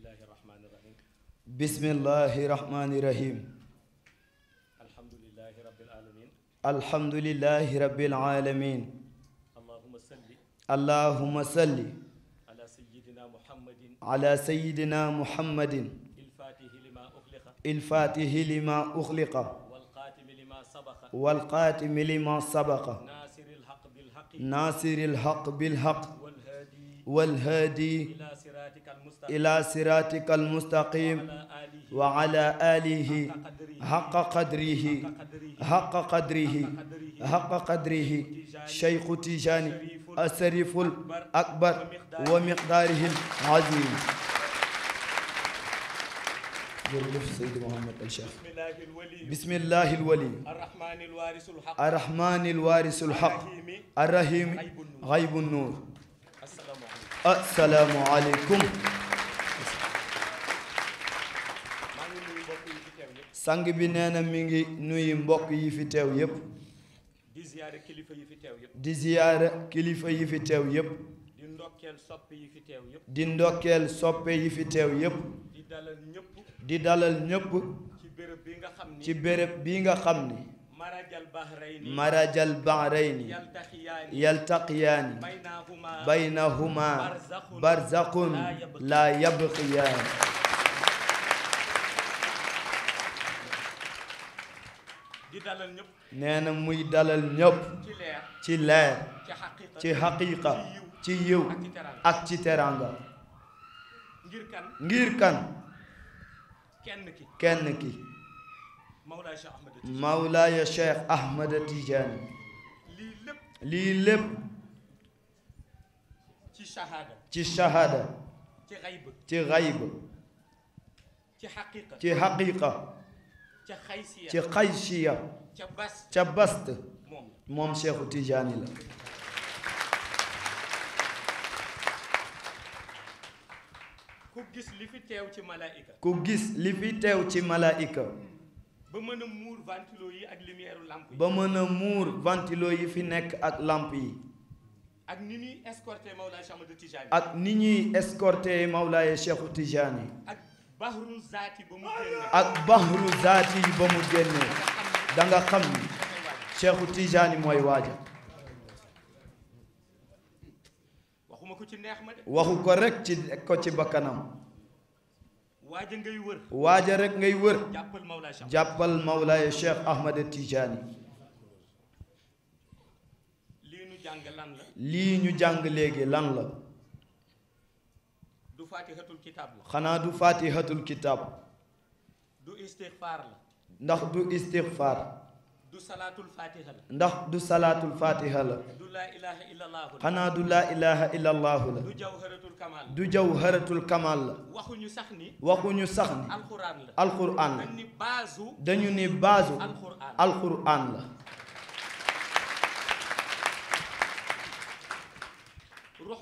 bismillahi rahmaani rahim bismillahi rahmaani rahim alhamdulillahi rabbil alamin alhamdulillahi rabbil alamin allahumma salli allahumma salli ala sayyidina muhammadin ala sayyidina muhammadin الفاتح لما أخلق والقاتم لما سبق والقاتم لما سبق ناصر الحق بالحق ناصر الحق بالحق والهادي والهادي إلى صراطك المستقيم وعلى آله حق قدره حق قدره حق قدره شيخ تيجاني الشريف الأكبر ومقداره العظيم jërëjëf Seydi Mouhamed El Cheikh bismillahi alwali arrahmani alwarisul haq arrahimi xaybun nuur asalaamualeykum sang bi nee na mi ngi nuyu mbokk yi fi teew yépp di ziyaare kilifa yi fi teew yépp di kilifa yi fi teew yépp di ndokkeel soppe yi fi teew yépp di ndokkeel soppe yi fi teew yépp di dalal ñépp di dalal ñépp ci béréb bi ci béréb bi nga xam ni مرج البحرين يلتقيان بينهما برزق لا يبغيان nee na muy dalal ñëpp ci leer ci xaqiiqa ci yiw mawlaaya cheikh ahmada tijaani lii lépp ci shahaada ci shahaada ci xayb ci xayb ci xaqiiqa ci bast moom cheikhu tijaani la ku gis li fi teew ci malaayika ba mën a muur ventilo yi ak lumière lamp yi. mën a muur ventilo yi fi nekk ak lamp yi. ak ni ñuy escorté Mawlaay Cheikh Ahmadou Tijani. ak ni ñuy escorté Mawlaay Cheikh Tijani. ak bahru zaati ba mu génnee. ak bahru zaati ba mu génnee da nga xam ni Cheikh Tijani mooy waaja. waxuma ko ci neex ma waxu ko rek ci ko ci bakkanam. waaja ngay wër waaja rek ngay wër jàppal mawlaaya Cheikh Ahmed Tidiane lii ñu jàng lii ñu jàng léegi lan la du faatihatul kitaab la xanaa du faatihatul kitaab du istixfaar la ndax du istixfaar du salaatul fatiha la. ndax du salaatul fatiha la. du laa ilaaha illallah la. xanaa du laa ilaaha illallah la. la. du jawharatul kamal la. waxuñu sax ni. la. alquran la. dañu la.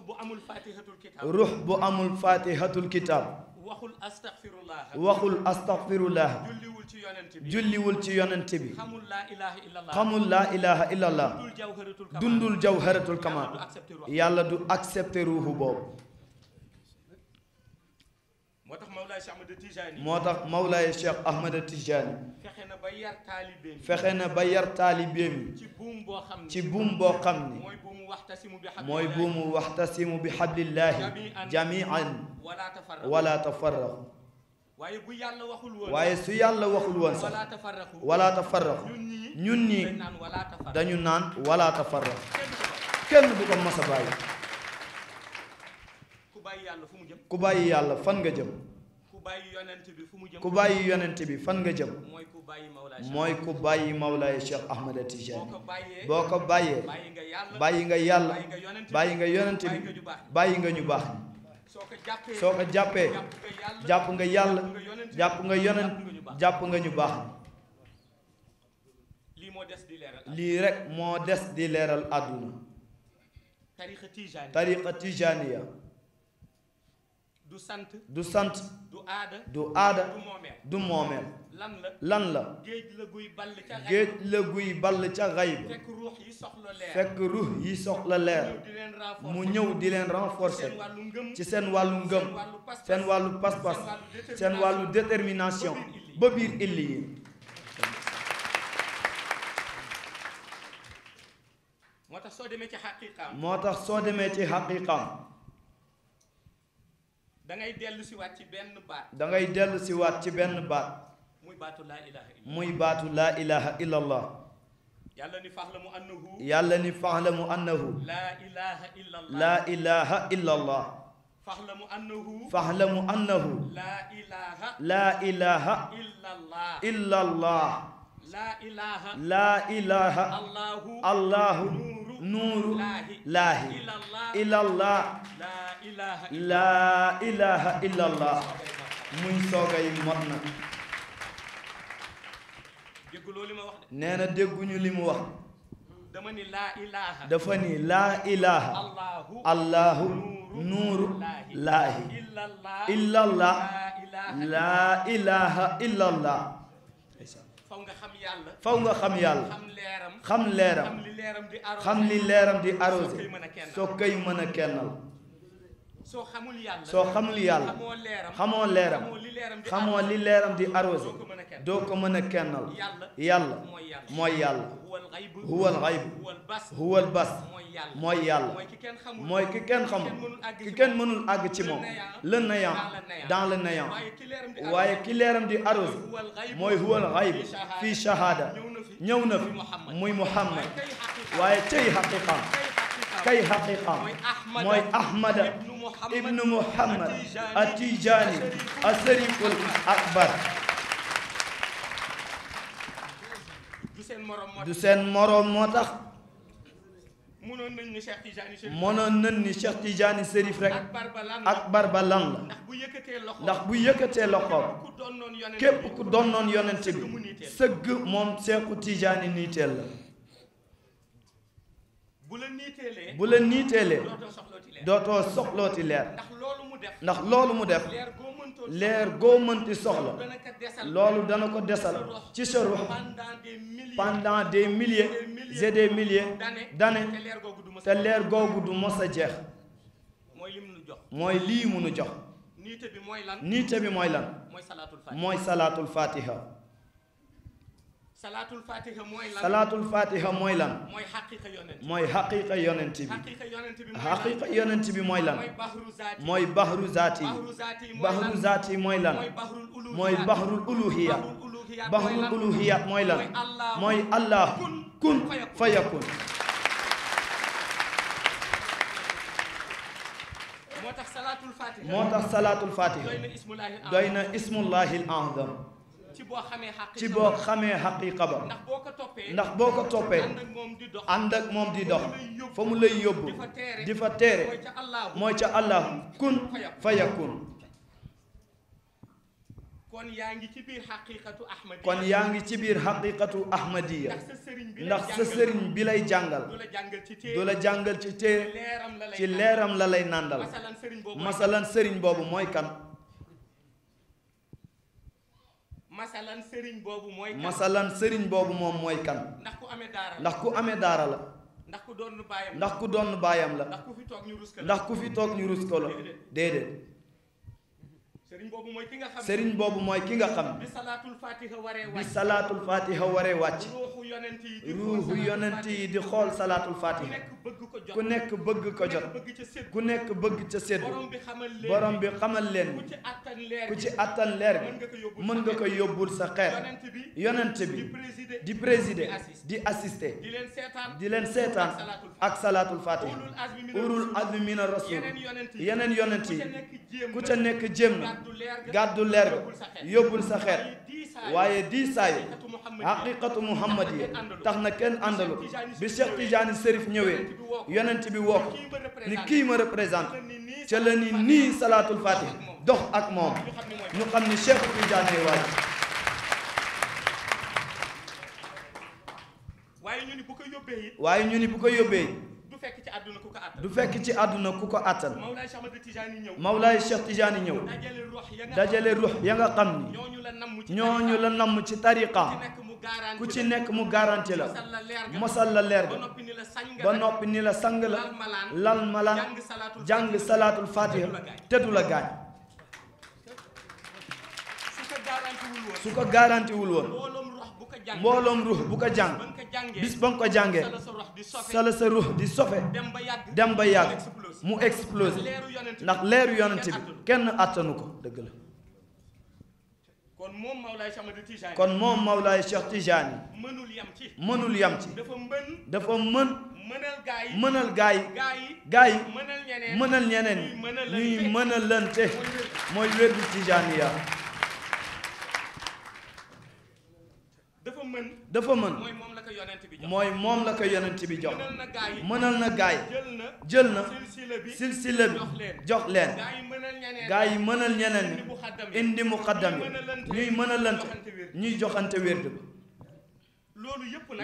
bu amul fatihatul waxul astaghfirullah waxul astaghfirullah julliwul ci yonent bi julliwul ci yonent bi xamul laa ilaha illallah xamul laa ilaha illallah dundul jawharatul kamal yàlla du accepté ruuxu boobu moo tax Mawlaay Cheikh Ahmed Tijaani moo tax Mawlaay Cheikh Ahmed Tijaani fexe na ba yar fexe na ba yar taalibeem ci buum boo mooy buumu waxtasimu bi xablillahi jamian wala tafarraqu waaye su yàlla waxul woon sax wala tafarraqu ñun ñi dañu naan wala tafarraqu kenn du ko mas a bàyyi ku bàyyi yàlla fan nga jëm ku bàyyi yonent bi fu mu jëm bàyyi yonent bi fan nga jëm mooy ku bàyyi mawlaay Cheikh Ahmed Tidiane boo ko bàyyee bàyyi nga yàlla bàyyi nga yonent bi bàyyi nga ñu baax ni soo ko jàppee jàpp nga yàlla jàpp nga yonent jàpp nga ñu baax ni lii rek moo des di leeral àdduna tariqa tijaaniya du sant du sant du aada du du moomeel lan la lan la géej la guy bal ca géej la guy ball ca xayb fekk ruux yi soxla leer fekk ruux mu ñëw di leen renforcer ci seen wàllu ngëm seen wàllu pas seen wàllu détermination ba biir illi yi tax soo demee ci xaqiqaam moo tax soo demee ci xaqiqaam da ngay dellu si waat ci benn baat. da ngay dellu si waat ci benn baat. muy baatu laa ilaha illallah. muy baatu laa ilaha illallah. yàlla ni faxlamu annahu. yàlla ni faxlamu annahu. laa ilaha illallah. laa ilaha illallah. faxlamu annahu. faxlamu annahu. laa ilaha. laa ilaha. illallah. illallah. laa ilaha. laa ilaha. allahu. allahu. nuuru laahi ilallah laa ilaha illallah muy sooga yi nee na dégguñu li mu wax dafa ni laa ilaha dafa ni laa ilaha allahu nuuru laahi illallah laa ilaha illallah faw nga xam yàlla faw nga xam yàlla xam leeram xam li leeram di arrosé soo koy mën a kennal soo xamul yàlla soo xamul yàlla xamoo leeram xamoo li leeram di arrosé doo ko mën a kennal yàlla mooy yàlla huwal xayb huwal bas mooy yàlla mooy ki kenn xamul ki kenn mënul àgg ci moom le néant dans le néant waaye ki leeram di arrosé mooy huwal xayb fii shahada ñëw na fi muy muhammad waaye cey xaqiqaam kay xaqiqa mooy ahmada ibnu muhammad atijani asariful akbar du seen moroom moo tax mënoon nañ ni Cheikh Tidiane Serif mënoon nañ ni Cheikh Tidiane Serif rek ak ndax bu yëkkatee loxoom képp ku donnoon yonent bi sëgg moom Cheikh Tidiane niiteel la bu la niiteelee bu la niiteelee dootoo soxlooti leer ndax loolu mu def leer goo mënti soxla loolu dana ko desal ci sa ruux pendant des milliers et des milliers d'années te leer googu du mos a jeex mooy lii mu jox niité bi mooy lan bi mooy lan mooy salaatul fatiha. salaatul fatiha mooy lan salaatul fatiha mooy lan. mooy xaqiqa yonent bi mooy xaqiqa yonent bi. xaqiqa yonent bi mooy lan. mooy baxru zaati yi baxru zaati yi mooy lan. mooy baxrul uluhiya baxrul uluhiya mooy lan. mooy allah kun fayakun. moo tax salaatul fatiha doy na ismullahil azam ci boo xamee xaqiqa ba ndax boo ko toppee ànd ak moom di dox fa mu lay yóbbu di fa teere mooy ca allah kun fa yakun kon yaa ngi ci biir xaqiqatu ahmadiya kon yaa ngi ci biir xaqiqatu ahmadiya ndax sa sëriñ bi lay jàngal du la jàngal ci téere ci leeram la lay nàndal masalan sëriñ boobu mooy kan masalan sëriñ boobu mooy masalan sëriñ boobu moom mooy kan. ndax ku amee daara la ndax ku amee daara la. ndax ku doon baayam la ndax ku doon baayam la. ndax ku fi toog ñu rus ko la ndax ku fi toog ñu rus ko la déedéet. sëriñ boobu mooy ki nga xam sëriñ boobu mooy ki nga xam salaatul fatiha waree wàcc bi salaatul fatiha waree wàcc ruuxu yonent yi di xool salaatul fatiha ku nekk bëgg ko jot ku nekk bëgg ca séddu borom bi xamal leen ku ci attan leer bi mën nga ko yóbbul sa xeer yonent bi di présider di assister di leen seetaan ak salaatul fatiha urul azmi mina rasul yeneen yonent yi ku ca nekk jéem na gàddu leer ga yóbbul sa xeet waaye diisaayu xaqiqatu muhammad yi tax na kenn àndalu bi Cheikh Tidiane Serif ñëwee yonent bi woo ni kii ma représente ca la ni nii salaatul fatih dox ak moom ñu xam ni Cheikh Tidiane waaj waaye ñu ni bu ko yóbbee du fekk ci àdduna ku ko àttan. du fekk ci àdduna ku ko àttan. Mawlaay Cheikh Ahmad Tijaani ñëw. Mawlaay Cheikh Tijaani ñëw. dajale ruux ya nga dajale ruux ya nga xam ni. ñooñu la namm ci ñooñu la namm ci tariqa. ku ci nekk mu garanti la. mosal la leer ga. ba noppi ni la sang la. lal la jàng salaatul fatiha tëddu la gaañ. su ko garanti wul woon. mbooloom ruux bu ko jàng bis ba nga ko jàngee sala sa ruux di sofe dem ba yàgg mu explose ndax leeru yonent bi kenn àttanu ko dëgg la kon moom Mawlaay Cheikh Tijaani mënul yam ci dafa mën mënal gaa yi gaa yi mënal ñeneen ñuy mënalante mooy wérdu Tijaani yaa mën dafa mën mooy moom la ko yonent bi jox mooy moom la ko yonent bi jox mënal na gaay jël na silsila bi jox leen gaa yi mënal ñeneen ñi indi muqaddam yi ñuy mënalante ñuy joxante wérd ba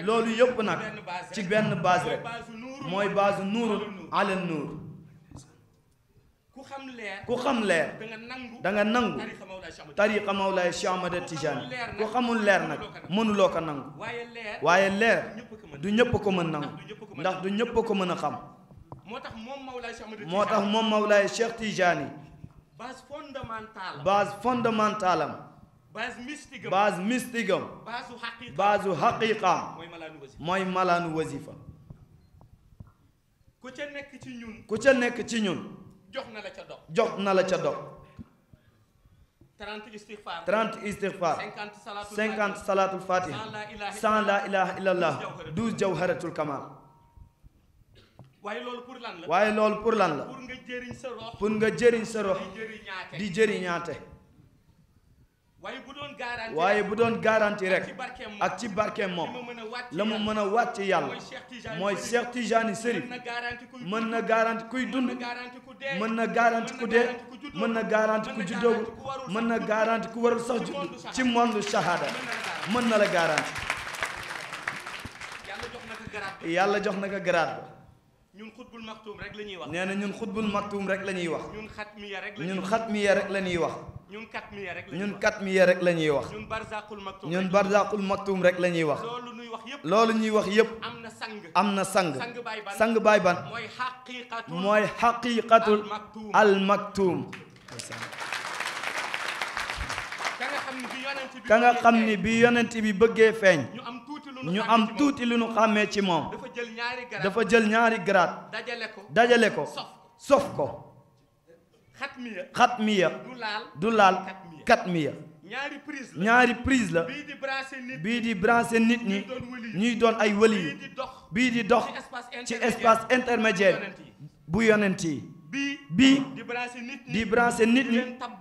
loolu yëpp nag ci benn base rek mooy base nuurul alal nuur ku xam leer ku xam leer da nga nangu tariqa Mawlaay Cheikh Ahmada Tijaan ku xamul leer nag mënuloo ko nangu waaye leer du ñëpp ko mën nangu ndax du ñëpp ko mën a xam moo tax moom Mawlaay Cheikh Tijaani base fondamentale base fondamentale am base mystique am base mystique am base xaqiiqaam mooy malaanu wasifa ku ca nekk ci ñun ku ca nekk ci ñun. jox na la ca dog jox na la ca dog 30 istighfar 30 istighfar 50 salaatul fatiha 100 la ilaha illallah 12 jawharatul waaye loolu pour lan la waaye loolu pour lan la nga jëriñ sa pour nga jëriñ sa rox di jëriñaate waaye bu doon garanti rek ak ci barkeem moom la mu mën a wàcc yàlla mooy Cheikh Tijani Serif mën na garanti kuy dund mën na garanti ku dee mën na garanti ku juddoogu mën na garanti ku warul sax judd ci monde shahada mën na la garanti yàlla jox na ka garaat ba ñun xutbul maktuum rek la ñuy wax nee na ñun xutbul maktuum rek la ñuy wax ñun xatmiya rek la ñuy wax ñun kat miye rek ñun kat miye rek la ñuy wax. ñun barzaqul maktum ñun barzaqul maktum rek la ñuy wax. loolu ñuy wax yëpp loolu ñuy wax yëpp. am na sang am na sang. sang baay ban mooy xaqiqatul mooy xaqiqatul al maktum. ka nga xam ni bi yonent bi bëggee feeñ. ñu am tuuti lu ñu xàmmee ci moom. dafa jël ñaari garaat dajale ko dajale ko sof ko. xatmiya xatmiya du laal katmiya ñaari prise la ñaari prise la bii di branché nit ñi ñuy doon ay wëli bii di dox ci espace intermédiaire bu yonent yi bii di branché nit ñi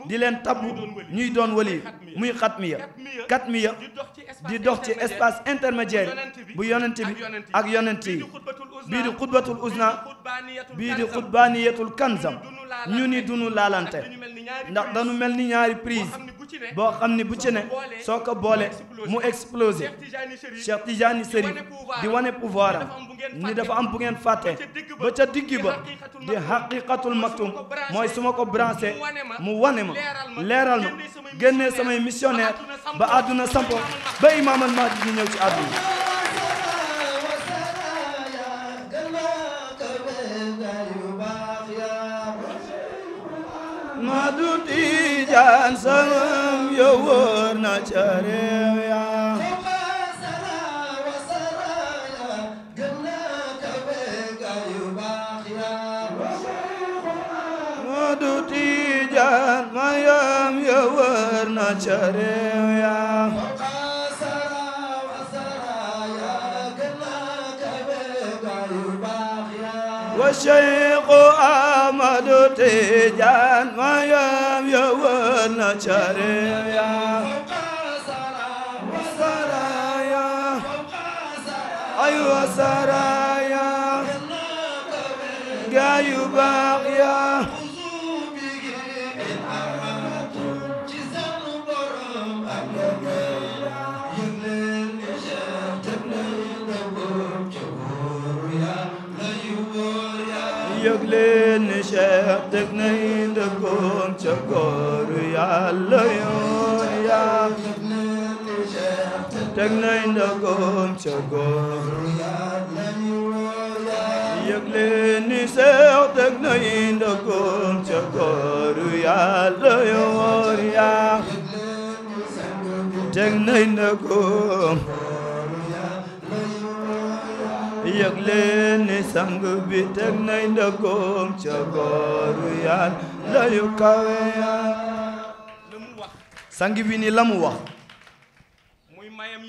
di leen tabbu ñuy doon wëli muy xatmiya katmiya di dox ci espace intermédiaire bu yonent bi ak yonent yi bii di xutbatul usna bii di xutbaaniyatul kanzam ñu ni duñu laalante ndax dañu mel ni ñaari prise boo xam ni bu ci ne soo ko boole mu explosé Cheikh Tidiane Serif di wane pouvoir am ni dafa am bu ngeen fàtte ba ca digg ba di xaqiqatul maktum mooy su ma ko branché mu wane ma leeral ma génnee samay missionnaire ba àdduna sampo ba imaamal mahdi di ñëw ci àdduna Ahmadu Tijaan sangam yow wóor na ca réew ya Ahmadu Tijaan mayam yow wóor na ca réew Cheikhu Ahmadu Tijaan mayam yowon na cariya aywa saraya gayu baax ya dëgg nay dëggoon ca góoru yàlla yoon yaa dëgg nay dëggoon ca góoru yàlla yëg leen ni seex dëgg nay dëggoon ca góoru yàlla yoon yaa dëgg nay dëggoon leen ni sang bi teg nay ndëggoom ca gooru yàlla yu kawe sang bi ni la mu wax muy mayam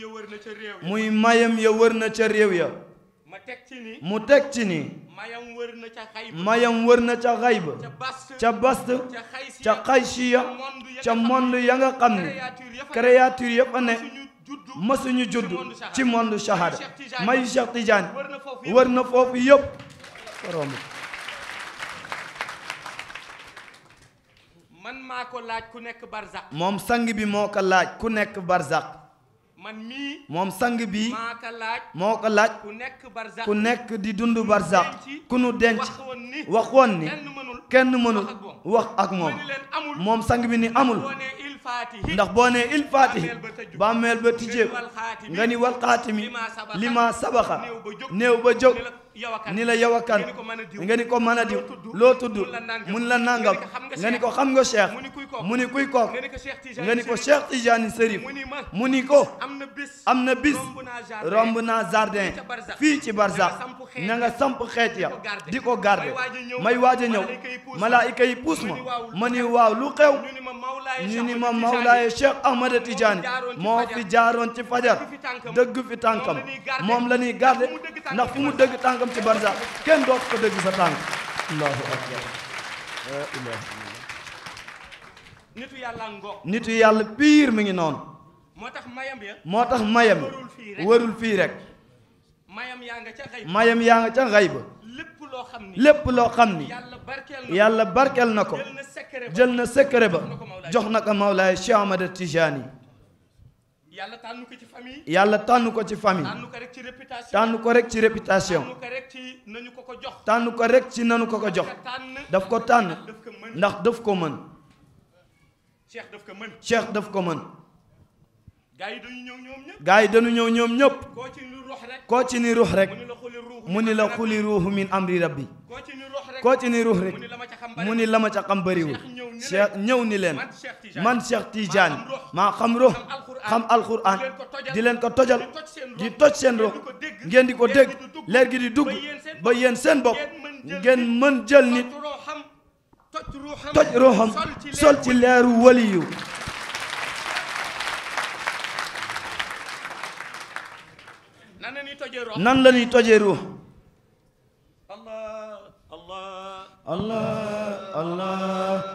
ya wër na ca réew ya mu teg ci ni mayam wër na ca xayba ca bast ca xaysiya ca monde ya nga xam ne créature yëpp a ne masuñu judd ci monde shahada mayu Cheikh Tidiane wër na foofu yëpp romb man ko laaj ku nekk barzak moom sang bi moo ko laaj ku nekk barzak man mii moom sang bi moo ko laaj ku nekk di dund barzak ku nu denc wax woon ni kenn mënul wax ak moom moom sang bi ni amul ndax boo nee il faatihi bàmmeel ba tijjee nga ni wal xaatimi li ma sabaxa néew ba jóg ni la yow akan nga ni ko mën a diw loo tudd mun la nangam nga ni ko xam nga cheikh mu ni kuy kook nga ni ko cheikh Tidiane Serif mu ni ko am na bis romb naa jardin fii ci barsax na nga samp xeet ya di ko garde may waaj a ñëw malaayika yi puus ma ma ni waaw lu xew ñu ni ma mawlaaye cheikh Ahmada Tidiane moo fi jaaroon ci fajar dëgg fi tànkam moom la ñuy garde ndax fu mu dëgg tànk tànkam ci barza kenn dootu dégg sa tànk yàlla ngoog nitu yàlla piir mi ngi noonu moo tax mayam ya moo tax mayam warul fii rek mayam yaa nga ca xayba mayam yaa nga ca lépp loo xam ni lépp loo xam ni yàlla barkeel na ko jël na secret ba jox na ko Mawlaay Cheikh Ahmad Tijani yàlla tànn ko ci famille. yàlla tànn ko ci famille. tànn ko rek ci réputation. tànn ko rek ci réputation. tànn ko ko ko jox. tànn ko rek ci nañu ko ko jox. daf ko tànn ndax daf ko mën. cheikh daf ko mën. cheikh daf ko mën. gaa yi dañu ñëw ñoom ñëpp. gaa yi dañu ñëw ñoom ñëpp. koo ci ni ruux rek. koo ci ni ruux rek. mu ni la xuli ruuxu min amri bi koo ci ni ruux rek. mu ni la ma ca xam bëriwul. cheikh ñëw ni leen. man cheikh Tidiane maa xam ruux. xam alxuraan di leen ko tojal di toj seen rox ngeen di ko dégg leer gi di dugg ba yéen seen bopp ngeen mën jël nit toj ruuxam sol ci leeru waliyu nan la ñuy tojee ruux allah allah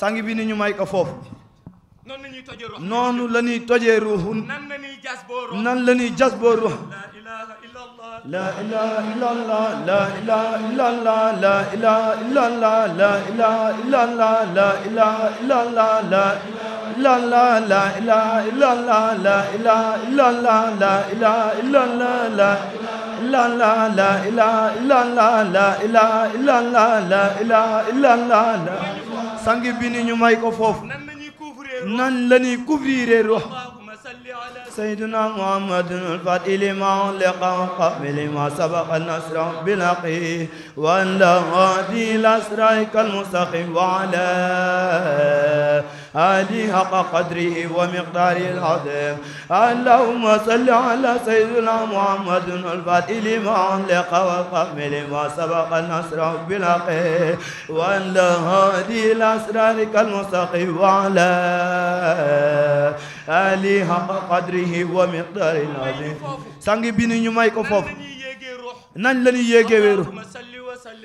sang bi ni ñu may ko foofu noonu la ñuy tojee ruuxu nan la ñuy jas boo ruux la ilaha illallah la ilaha illallah la ilaha illallah la ilaha illallah la ilaha illallah la illallah la ilaha illallah la ilaha illallah la ilaha illallah la إلا الله لا إله إلا الله لا إله إلا الله لا إله إلا الله la sang bi ni ñu may ko foofu nan la ñuy couvrir ruux سيدنا محمد الفاتح لما أغلق وقبل ما سبق النصر بالحق وأن لا هادي إلى صراطك المستقيم وعلى علي حق قدره ومقداره العظيم اللهم صل على سيدنا محمد الفاتح لما علق والقم لما سبق النصر بالحق وأن هادي لأسرارك المستقيم وعلى علي حق قدره ومقداره العظيم سانغي بيني ñu may ko foofu nan lañu yéegee wéeru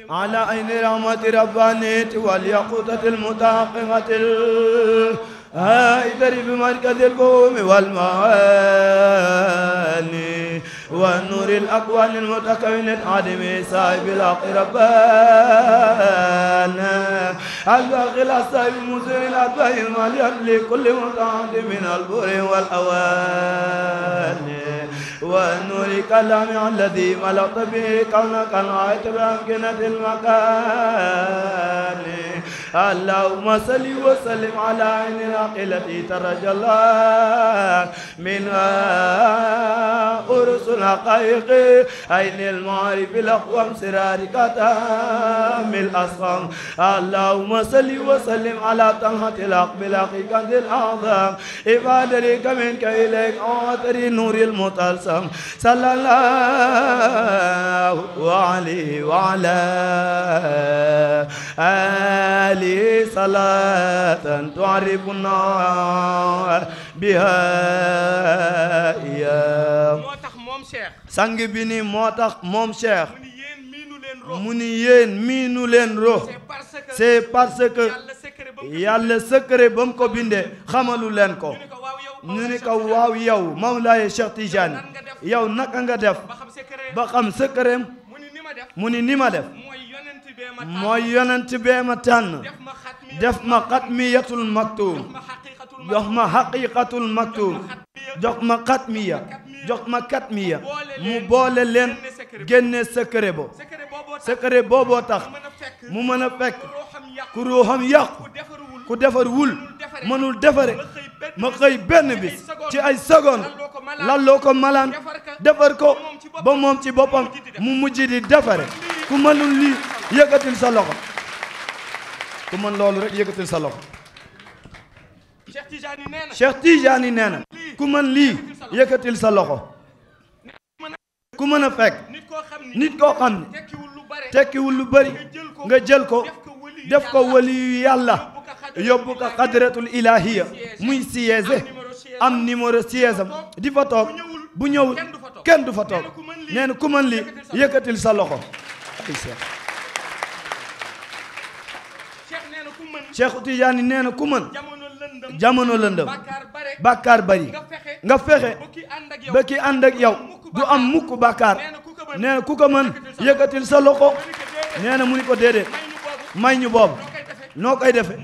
على عين رحمة ربانية واليقظة المتحققة الهائدة بمركز القوم والمعاني والنور الأكوان المتكون العدم صاحب الحق ربانا الباقي الأصحاب المسلم الأتباع المليان لكل متعد من البر والأواني ونور كلام الذي ملأت به كونك الغاية بأمكنة المكان اللهم صل وسلم على عين التي ترجى الله منها أرس الحقائق عين المعارف الأقوام سرارك تام الأسقام اللهم صل وسلم على طلحة الأقب الحقيقة الأعظم إبادرك منك إليك أعطر نور المتلسم وسلم صلى الله عليه وعلى آله صلاة تعرفنا بها يا sang bi ni moo tax moom Cheikh mu ni yéen miinu leen rox c'est parce que yàlla secret ba mu ko bindee xamalu leen ko ñu ni ko waaw yow Mawlaaye Cheikh Tidiane yow naka nga def ba xam sëkkëreem mu ni ni ma def mooy yonent bee ma tànn def ma xatmiyatul maktuum jox ma xaqiqatul maktuum jox ma xatmiya jox ma xatmiya mu boole leen génne boo bo secret booboo tax mu mën a fekk ku ruuxam yàqu ku defar wul mënul defare ma xëy benn bis ci ay seconde lalloo ko malaan defar ko ba moom ci boppam mu mujj di defare ku mënul lii sa loxo ku mën loolu rek yëkkatil sa loxo Cheikh Tidiane nee na ku mën lii yëkkatil sa loxo ku mën a fekk nit koo xam ne tekkiwul lu bari nga jël ko def ko waliyu yàlla yóbbu ko xadratul ilahiya muy siège am numéro siège am di fa toog bu ñëwul kenn du fa toog nee na ku mën li yëkkatil sa loxo ay nee na ku jamono lëndëm bàkkaar bari nga fexe ba ki ànd ak yow du am mukk bàkkaar nee na ku sa loxo mu ni ko déedéet may ñu boobu noo koy defe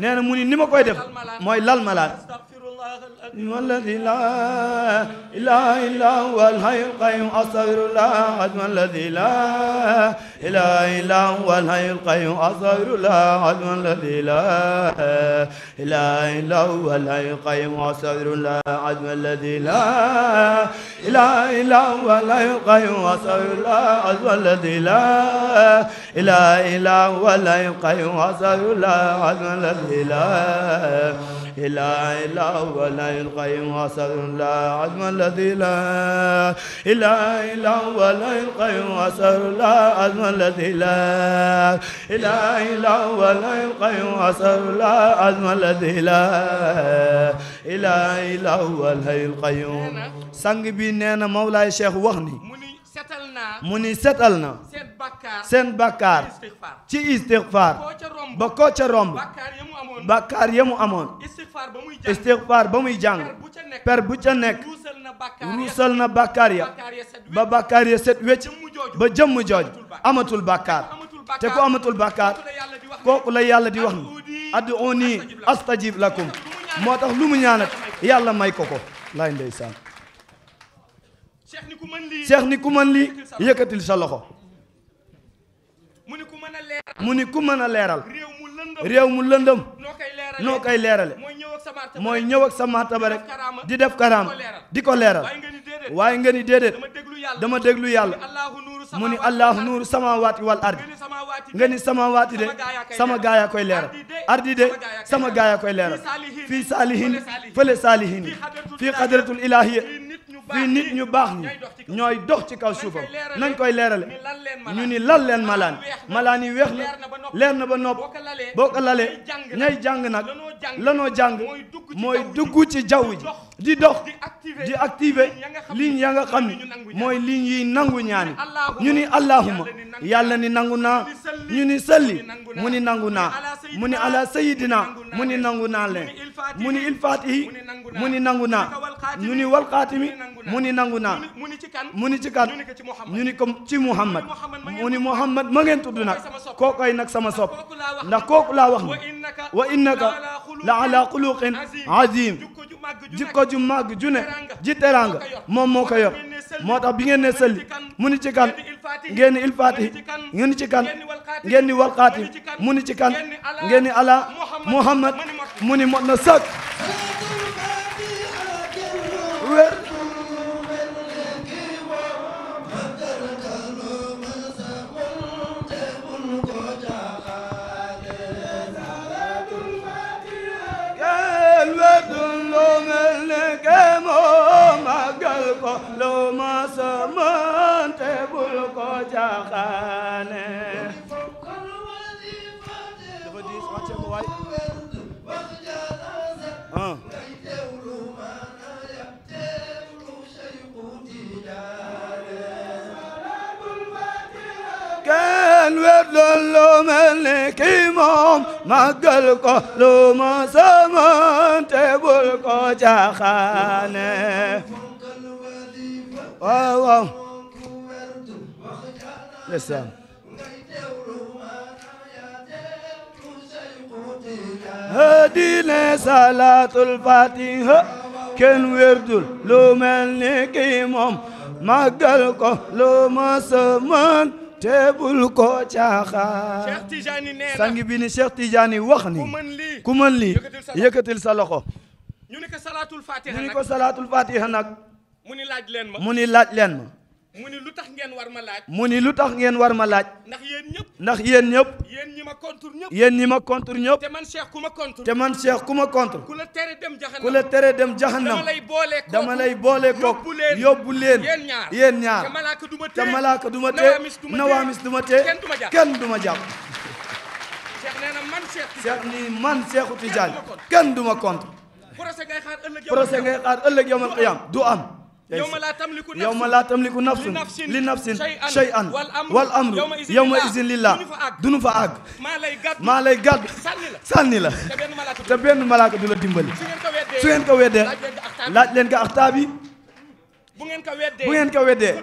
nee na mu ni ni ma koy def mooy lal malaat الذي لا إله إلا هو الحي القيوم أستغفر الله عظم الذي لا إله إلا هو الحي القيوم أستغفر الله عظم الذي لا إله إلا هو الحي القيوم أستغفر الله عظم الذي لا إله إلا هو الحي القيوم أستغفر الله عظم الذي لا إله إلا هو الحي القيوم أستغفر الله عظم الذي لا إله إلا هو هو الحي القيوم واستغفر الله العظيم الذي لا اله الا هو الحي القيوم واستغفر الله العظيم الذي لا اله الا هو الحي القيوم واستغفر الله العظيم الذي لا اله الا هو الحي القيوم sang bi nee na Mawlaay Cheikh wax ni mu ni seetal na seen bàkkaar ci istixfaar ba ko ca romb bàkkaar ya mu amoon istixfaar ba muy jàng per bu ca nekk ruusal na bàkkaar ya ba bàkkaar ya set wecc ba jëmm jooj amatul bàkkaar te ku amatul bàkkaar kooku la yàlla di wax ni ad'uuni astajib lakum moo tax lu mu ñaanat yàlla may ko ko laay ndeysaan cheikh ni ku mën lii cheikh ni ku mën lii yëkkatil sa loxo. mu ni ku mën a leeral mu ni ku mën a leeral. réew mu lëndëm noo koy leerale mooy ñëw ak sa martaba rek di def karaama di ko leeral waaye nga ni déedéet dama déglu yàlla mu ni allahu nuuru samawaati wal ardi nga ni samawaati de sama gaay yaa koy leeral ardi de sama gaay yaa koy leeral fii saalihin fële saalihin fii xadratul ilaahiya fii nit ñu baax ñi ñooy dox ci kaw suufam nañ koy leerale ñu ni lal leen malaan malaan yi weex na leer na ba nopp boo ko lalee ñay jàng nag lanoo jàng mooy dugg ci jaww ji di dox di activer ligne ya nga xam ni mooy ligne yiy nangu ñaani ñu ni allahuma yàlla ni nangu naa ñu ni salli mu ni nangu naa mu ni ala sayidina mu ni nangu naa leen mu ni yi mu ni nangu naa ñu ni walxaatimi mu ni nangu naa mu ni ci kan mu ni ci ko ci Muhammad mu ni Muhammad ma ngeen tudd nag kookoy nag sama sopp ndax kooku laa wax ni wa innaka la ala xuluqin azim jikko ju màgg ju ne ji teraanga moom moo ko yor moo tax bi ngeen ne sëlli mu ni ci kan ngeen ni il fatihi ngeen ni ci kan ngeen ni walxaati mu ni ci kan ngeen ni ala Muhammad mu ni mot na sëkk Go! leen wér salaatul fatiha kenn wérdul lu mel ni kii moom màggal ko lu ma saman tebul ko caaxaan sangi bi ni Cheikh Tidiane wax ni ku mën lii yëkkatil sa loxo ñu ni ko salaatul fatiha nag mu ni laaj leen ma mu ni lu tax ngeen war ma laaj. mu ni lu tax ngeen war ma laaj. ndax yéen ñëpp. ndax yéen ñëpp. yéen ñi ma contre ñëpp. yéen ñi ma contre te man Cheikh ku ma contre. man Cheikh ku ma contre. ku la tere dem jaxanam ku la tere dem jaxanam. dama lay boole kooku dama lay boole kooku. yóbbu leen yéen ñaar yéen ñaar. te malaaka du te malaaka du ma tee nawaamis du ma tee ma jàpp kenn du ma jàpp. man Cheikh. Cheikh ni man Cheikhu Tidiane kenn du ma contre. procès ngay xaar ëllëg yow. procès ngay xaar du am. yawma laa tamliku nafsun yawma laa tamliku nafsun li nafsin shay'an wal amru yawma izin lillah duñu fa àgg maa lay gàddu sànni la te benn malaaka du la dimbali su ngeen ko weddee laaj leen ko ak taabi bu ngeen ko weddee bu ngeen ko weddee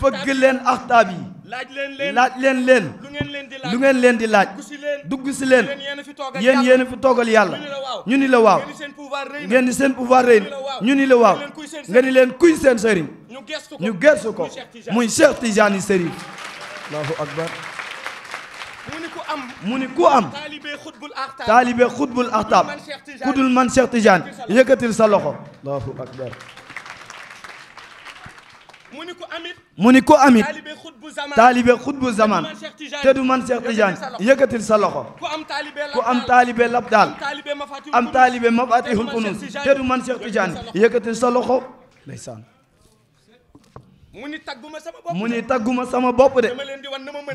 fëgg leen axtaab yi laaj leen leen laaj leen leen lu ngeen leen di laaj dugg si leen yéen yéen fi toogal yàlla ñu ni la waaw ngeen di seen pouvoir rëy ñu ni la waaw nga ni leen kuy seen sëriñ ñu gersu ko muy Cheikh yi sëriñ allahu akbar mu ni ku am mu ni ku am taalibe xutbul axtaab ku dul man Cheikh Tidiane yëkkatil sa loxo allahu akbar mu ni ko amit taalibe xutbu zaman te du man Cheikh Tidiane yëkkatil sa loxo ku am taalibe lab daal am taalibe mafatihul kunuz te du man Cheikh Tidiane yëkkatil sa loxo ndeysaan mu ni tagguma sama bopp mu ni tagguma sama bopp de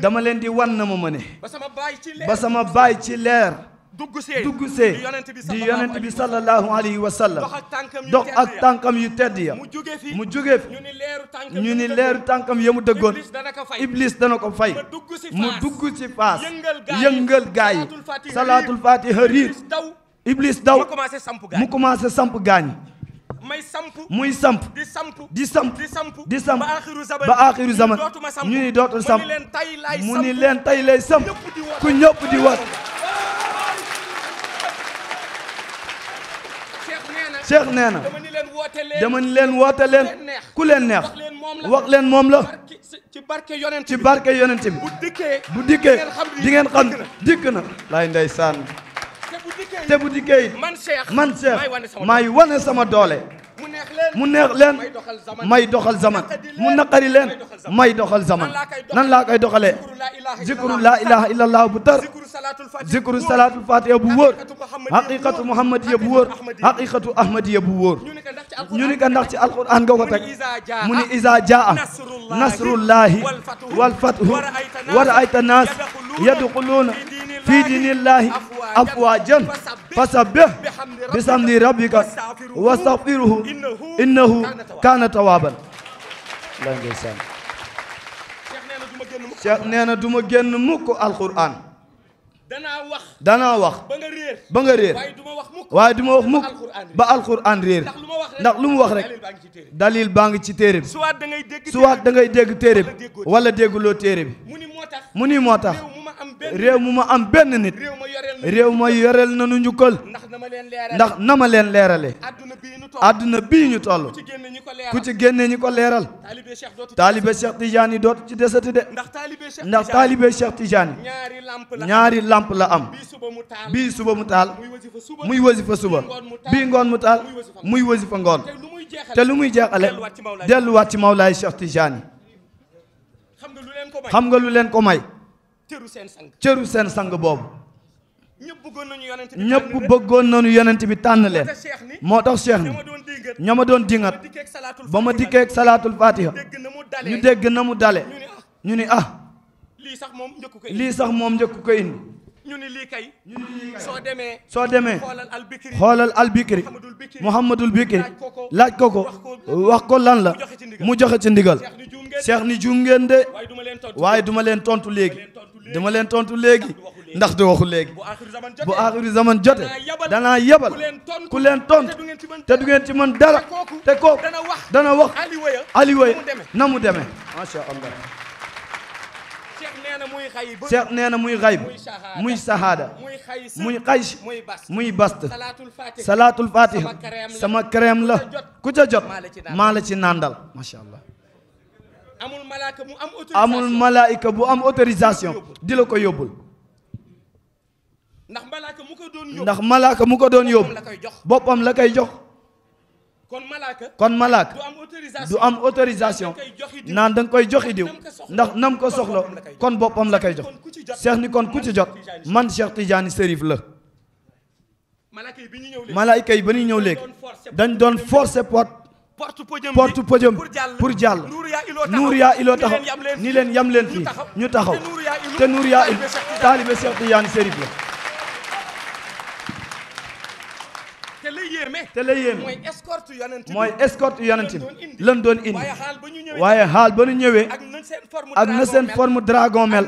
dama leen di wan na ma mëne ba sama baay ci leer dugg see dugg see di yonent bi sallallahu alayhi wa sallam dox ak tànkam yu tedd ya mu jóge fi ñu ni leeru tànkam ya mu dëggoon iblis dana ko fay mu dugg ci faas yëngal gaa yi salaatul fatiha riir iblis daw mu commencé samp gaañ may samp muy samp di samp di samp di samp ba aaxiru zaman ñu ni dootul samp mu ni leen tay lay samp ku ñëpp di wat Cheikh nee na dama ni leen woote leen ku leen neex wax leen moom la ci barke yonent ci barke yonent bi bu dikkee di ngeen xam dikk na laay ndeysaan te bu dikkee it man Cheikh yi wane sama doole mu neex leen may doxal zaman mu naqari leen may doxal zaman nan laa koy doxalee zikru laa ilaha illallah bu tar zikru salaatul fatiha bu wóor haqiqatu muhammadiya bu wóor haqiqatu ahmadiya bu wóor ñu ni ko ndax ci alquran nga ko teg mu ni iza jaa nasrullahi wal fathu wa raayta naas yadxuluuna fi diinillahi afwaajan fasabbih bihamdi rabbika wastaghfirhu innahu kaana tawaaban la nee na duma ma génn mukk alquran danaa wax danaa wax ba nga réer waaye du ma wax mukk ba alquran réer ndax lu mu wax rek dalil baa ngi ci téere bi suwaat da ngay dégg téere bi wala dégguloo téere bi mu ni moo tax réew mu ma am benn nit réew ma yoreel na nu njukkal ndax na ma leen leerale àdduna bii ñu toll ku ci génne ñi ko leeral taalibe Cheikh Tidiane yi dootu ci desati de ndax taalibe Cheikh Tidiane ñaari làmp la am bii suba mu taal muy wasifa suba bii ngoon mu taal muy wasifa ngoon te lu muy jeexale delluwaat ci Mawlaay Cheikh Tidiane xam nga lu leen ko may cëru seen sang cëru seen sang boobu ñëpp bëggoon nañu yonent bi tànn leen moo tax cheikh ni ñoo ma doon dingat ba ma dikkee ak salaatul fatiha ñu dégg na mu dale ñu ni ah, ah. lii sax moom njëkku ko indi ñu ni lii kay soo demee soo demee xoolal albikri muhammadul bikri laaj ko ko wax ko lan la mu joxe ci ndigal cheikh ni juum ngeen de waaye duma leen tontu léegi dama leen tontu léegi ndax du waxu léegi bu axiru zaman jote danaa yebal ku leen tontu te du ngeen ci mën dara te kooku dana wax aliwaya na mu demee macha allah cheikh nee na muy xayb muy sahaada muy xays muy bast salaatul fatiha sama kareem la ku ca jot maa la ci nàndal macha allah amul malaaka mu am autorisation amul malaaka bu am autorisation di la ko yóbbul. ndax malaaka mu ko doon yóbbu ndax malaaka mu ko doon yóbbu boppam la koy jox. kon malaaka kon malaaka du am autorisation naan da nga koy joxi diw ndax nam ko soxla kon boppam la koy jox Cheikh ni kon ku ci jot man Cheikh Tidiane Serif la malaaka yi ba ñu ñëw léegi dañ doon forcer porte porte podium pour jàll nuur yaa iloo taxaw ni leen yam leen fii ñu taxaw te nuur yaa il taalibe Cheikh Tidiane Chérif la te lay yéeme mooy escorte yonent bi lan doon indi waaye xaal ba ñu ñëwee ak na seen forme dragon mel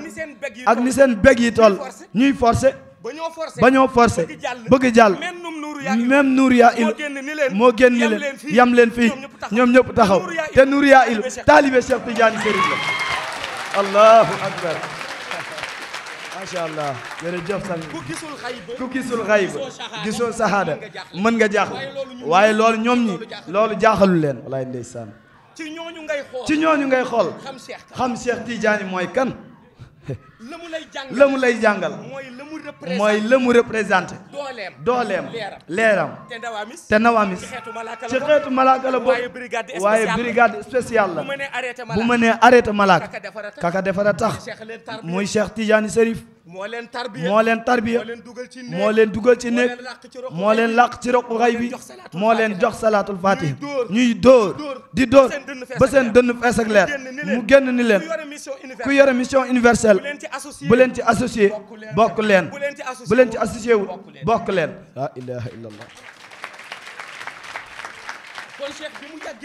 ak ni seen beg yi toll ñuy forcé ba ñoo forcé bëgg jàll même nuur yaa ilu moo génn ni leen yam leen fii ñoom ñëpp taxaw te nuur yaa ilu taalibe Cheikh Tidiane Chérif la allahu akbar macha allah jërëjëf sang ku gisul xayb gisoo sahaada mën nga jaaxal waaye loolu ñoom ñi loolu jaaxalu leen walaay ndeysaan ci ñooñu ngay xool xam Cheikh Tidiane mooy kan la mu lay jàngal la mu lay jàngal mooy la mu représenté dooleem leeram te nawaamis ci xeetu malaaka la bokk waaye brigade spéciale la bu ma nee arrêté malaaka kaka defara tax muy Cheikh Tidiane Serif moo leen tarbiya moo leen tarbiya moo leen dugal ci nekk moo leen làq ci roq xay bi moo leen jox salaatul faatiha ñuy dóor di dóor ba seen dënn fees ak leer mu génn ni leen ku yore mission universelle bu leen ci associé bokk leen bu leen ci associé wul bokk leen laa ilaha illallah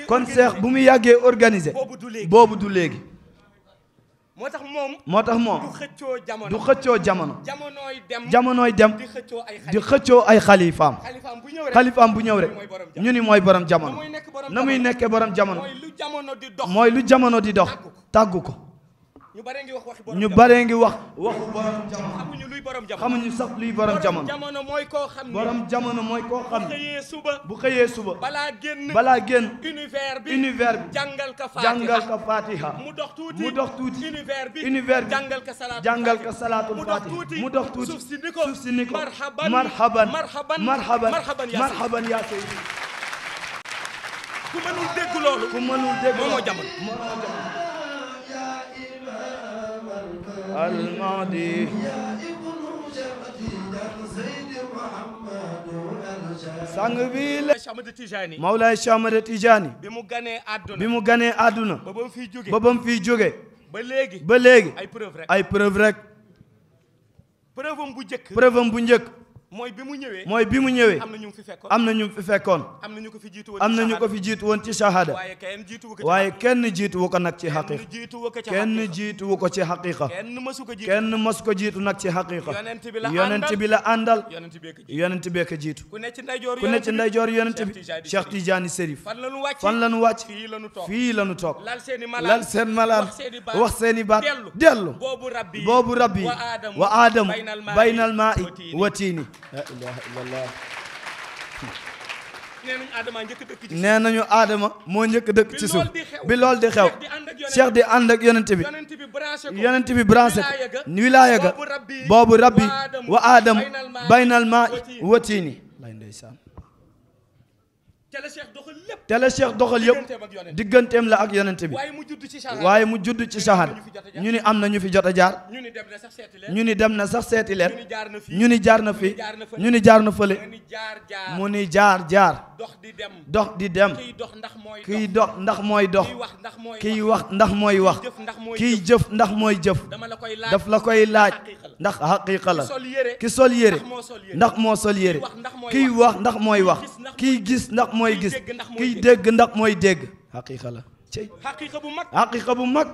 kon Cheikh bu mu yàggee organisé boobu du léegi moo tax moom moo tax moom du xëccoo jamono jamonooy dem di xëccoo ay xalifaam xalifaam bu ñëw rek ñu ni mooy borom jamono na muy nekkee borom jamono mooy lu jamono di dox tàggu ko ñu bare ngi wax waxi borom jamono ñu bare ngi wax waxu borom jamono xamuñu luy borom jamono xamuñu sax luy borom jamono borom jamono mooy koo xam ne borom jamono mooy koo xam ne bu xëyee suba bu xëyee suba balaa génn balaa génn univers bi univers bi jàngal ka Fatiha jàngal ka Fatiha mu dox tuuti mu dox tuuti univers bi univers bi jàngal ka salaatu jàngal ka salaatul Fatiha mu dox tuuti suuf si ni ko suuf si ni ko marhaban marhaban marhaban marhaban marhaban yaa Seydi ku mënul dégg loolu ku mënul dégg loolu moomoo jamono الماضي يا ابن جمدي يا زيد محمد sang bi la Mawlaay Cheikh Ahmad Tijaani bi mu ganee àdduna bi mu ganee àdduna ba ba mu fiy jóge ba ba mu fiy jóge ba léegi ba léegi ay preuve rek ay preuve rek preuve am bu njëkk preuve am bu njëkk mooy bi mu ñëwee. mooy bi mu ñëwee. am na ñu fi fekkoon am na ñu fekkoon. am na ko fi jiitu woon ci am fi jiitu woon ci shahada. waaye kenn jiitu wu ko kenn jiitu wu ko nag ci xaqiqa. kenn jiitu wu ko ci xaqiqa kenn jiitu wu ko ci xaqiqa. kenn mësu ko jiitu nag ci xaqiqa. yonent bi la àndal yonent bi la àndal. yonent bee ko jiitu. ku ne ci ndeyjoor yonent bi ku ne ci ndeyjoor yonent bi. Cheikh Tidiane Serif. fan la nu wàcc fan la nu wàcc. fii la nu toog fii la nu toog. lal seen i malaan lal seen malaan wax seen i baat dellu boobu rabbi wa aadamu baynal maa i wa tiini la ilaha illallah nee nañu aadama moo njëkk dëkk ci suuf bi lool di xew cheikh di ànd ak yonent bi yonent bi branché ko wilaaya ga boobu rabbi wa aadam baynal ma watiini te la Cheikh doxal yëpp digganteem la ak yonent bi waaye mu judd ci saxaar ñu ni am na ñu fi jot a jaar ñu ni dem na sax seeti leen ñu ni jaar na fi ñu ni jaar na fële mu ni jaar jaar dox di dem kiy dox ndax mooy dox kiy wax ndax mooy wax kiy jëf ndax mooy jëf daf la koy laaj ndax xaqiiqa la ki sol yére ndax moo sol yére kiy wax ndax mooy wax kiy gis ndax mooy mooy gis kiy dégg ndax mooy dégg xaqiiqa la cey xaqiiqa bu mag xaqiiqa bu mag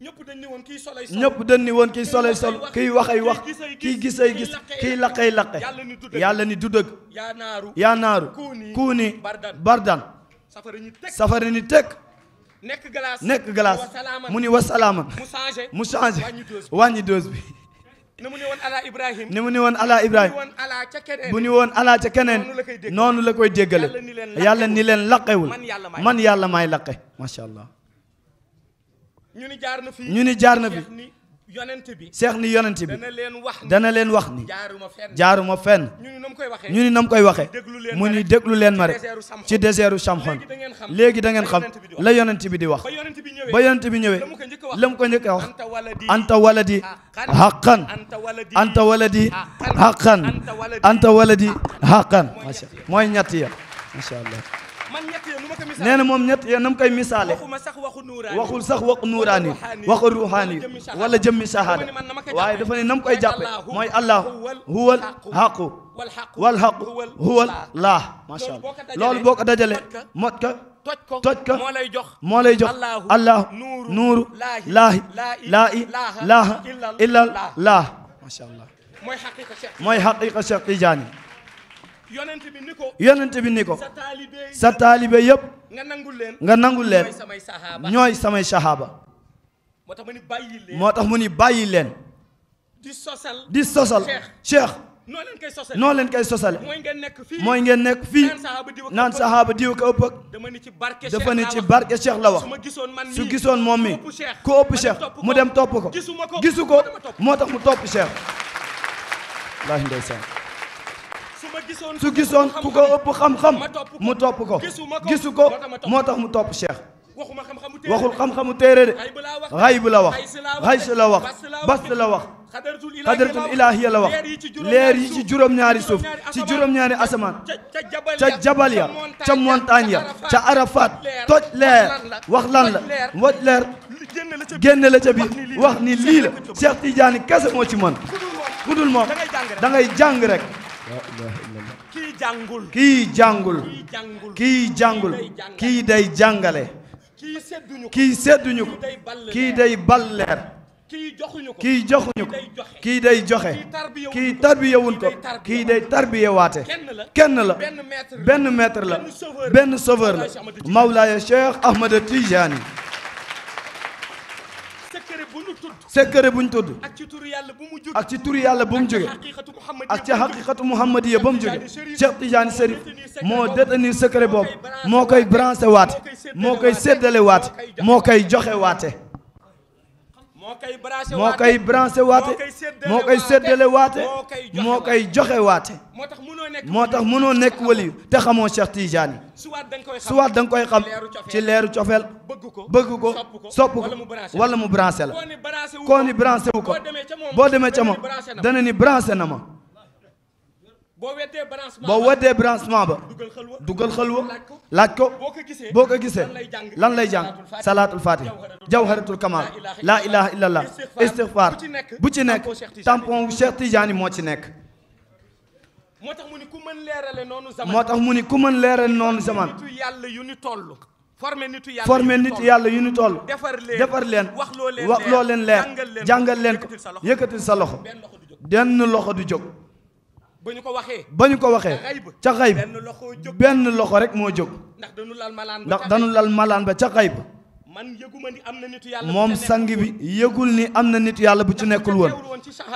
ñëpp dañ ni woon kiy solay sol ñëpp dañ ni woon kiy solay sol wax ay wax kiy gis ay gis kiy laqay laqe yàlla ni du dëgg yaa naaru kuuni bardan safara ni teg nekk glace mu ni wasalaaman mu changé wàññi dose bi ne mu ni woon ala Ibrahim ne mu ni woon ala Ibrahim bu ni woon ala ca keneen noonu la koy jéggale yàlla ni leen laqewul man yàlla maay laqe macha allah ñu ni jaar na ñu ni jaar na fi yonent bi seex ni yonent dana leen wax ni jaaruma fenn ñu ni nam koy waxee mu ni déglu leen ma rek ci désertu Samxon léegi da ngeen xam la yonent bi di wax ba yonent bi ñëwee la mu ko njëkk a wax anta waladi haqqan anta waladi haqqan anta waladi haqqan mooy ñett ya macha allah nee na moom ñett yéen nam koy misaale waxul sax waxu nuuraani waxu ruuxaani wala jëmmi sahaada waaye dafa ne nam koy jàppe mooy allahu huwal haqu wal haqu huwal laah macha allah loolu boo ko dajale mot ka toj ka moo jox moo lay jox allah nuuru laahi laahi laaha illal laah macha allah mooy xaqiqa Cheikh Tijaani yonent bi ni ko yonent bi ni ko sa taalibe yëpp nga nangu leen nga nangul leen ñooy samay sahaaba moo tax mu ni bàyyi leen moo tax mu ni bàyyi leen di sosal di sosal cheikh noo leen koy sosale noo koy sosale mooy ngeen nekk fii mooy ngeen nekk fii naan saxaaba diw ko ëpp ak dafa ni ci barke Cheikh la wax su gisoon moom mi ku ëpp Cheikh mu dem topp ko gisu ko moo tax mu topp Cheikh. wallaahi ndeysaan su gisoon ku ko ëpp xam-xam mu topp ko gisu ko moo tax mu topp cheikh waxul xam-xamu téere de xayb la wax xays la wax bas la wax xadratul ilaahiya la wax leer yi ci juróom-ñaari suuf ci juróom-ñaari asamaan ca jabal ya ca montagne ya ca arafat toj leer wax lan la woj leer génne la ca biir wax ni lii la Cheikh Tidiane kese moo ci mën ku dul moom da ngay jàng rek jàngul kii jàngul kii jàngul kii day jàngale kii sedduñu ko kii day balleer kii joxuñu ko kii day joxe kii tarbiyewuñ ko kii day tarbiyewaate kenn la benn maître la benn sauveur la Mawlaaya Cheikh Ahmada Tijaani sekkare buñ tudd ak ci turu yàlla bu mu jóge ak ci turu yàlla bu mu jóge ak ci xaqiqatu muhammadiya ba mu jóge Cheikh Tidiane Chérif moo détenir secret boobu moo koy branché waate moo koy séddale waate moo koy joxe waate moo koy branché waate moo koy séddale waate moo koy joxe waate moo tax mënoo nekk waliyu te xamoo Cheikh Tidiane suwaat da nga koy xam ci leeru cofeel bëgg ko sopp ko wala mu branché la koo ni branché wu ko boo demee ca moom dana ni branché na ma boo weddee branchement boo weddee branchement ba dugal xalwa laaj ko boo ko gisee lan lay jàng salaatul fatih jawharatul kamal laa ilaha illallah istighfar bu ci nekk tampon Cheikh Tidiane moo ci nekk moo tax mu ni ku mën leerale noonu zaman moo tax mu ni ku mën leerale noonu zaman yàlla yu ni toll formé nitu yàlla formé nitu yàlla yu ñu toll defar leen wax loo leen leer jàngal leen ko yëkkatil sa loxo denn loxo du jóg ba ñu ko waxee ba ñu ko waxee ca xayb benn loxo rek moo jóg ndax dañu lal malaan ndax dañu lal malaan ba ca xayb man yëguma ni am na nitu yàlla moom sang bi yëgul ni am na nitu yàlla bu ci nekkul woon